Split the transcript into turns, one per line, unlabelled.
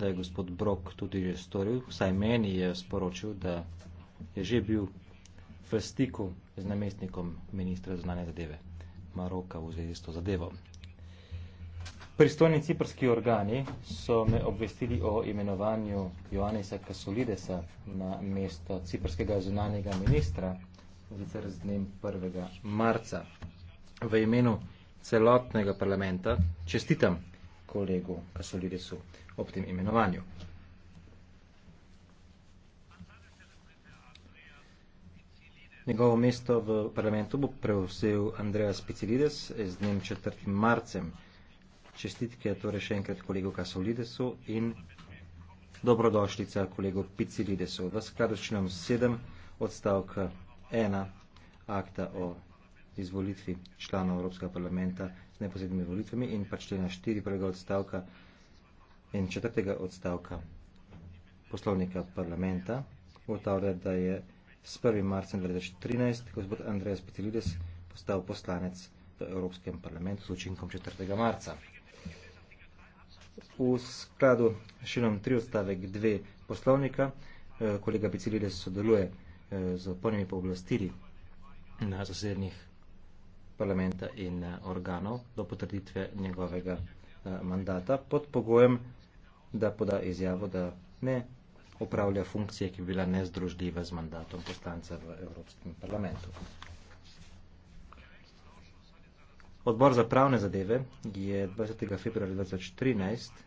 da je gospod Brok tudi že storil, vsaj meni je sporočil, da je že bil v stiku z namestnikom ministra znanja zadeve Maroka v zvezi s to zadevo. Pristojni ciprski organi so me obvestili o imenovanju Joanesa Kasolidesa na mesto ciprskega zunanjega ministra, zicer z dnem 1. marca. V imenu celotnega parlamenta čestitam kolegu Kasolidesu ob tem imenovanju. Njegovo mesto v parlamentu bo prevzel Andreja Specilides z dnem 4. marcem. Čestitke torej še enkrat kolegu Kasolidesu in dobrodošlica kolegu Picilidesu. V skladu s 7 odstavka 1 akta o izvolitvi članov Evropskega parlamenta s neposrednimi volitvami in pač člena štiri prvega odstavka in četrtega odstavka poslovnika parlamenta ugotavlja, da je s 1. marcem 2013 gospod Andrej Petilides postal poslanec v Evropskem parlamentu s učinkom 4. marca. V skladu širom 3 odstavek 2 poslovnika eh, kolega Petilides sodeluje eh, z polnimi pooblastili na zasednih parlamenta in eh, organov do potrditve njegovega eh, mandata pod pogojem, da poda izjavo, da ne upravlja funkcije, ki bi bila nezdružljiva z mandatom poslanca v Evropskem parlamentu. Odbor za pravne zadeve je 20. februarja 2013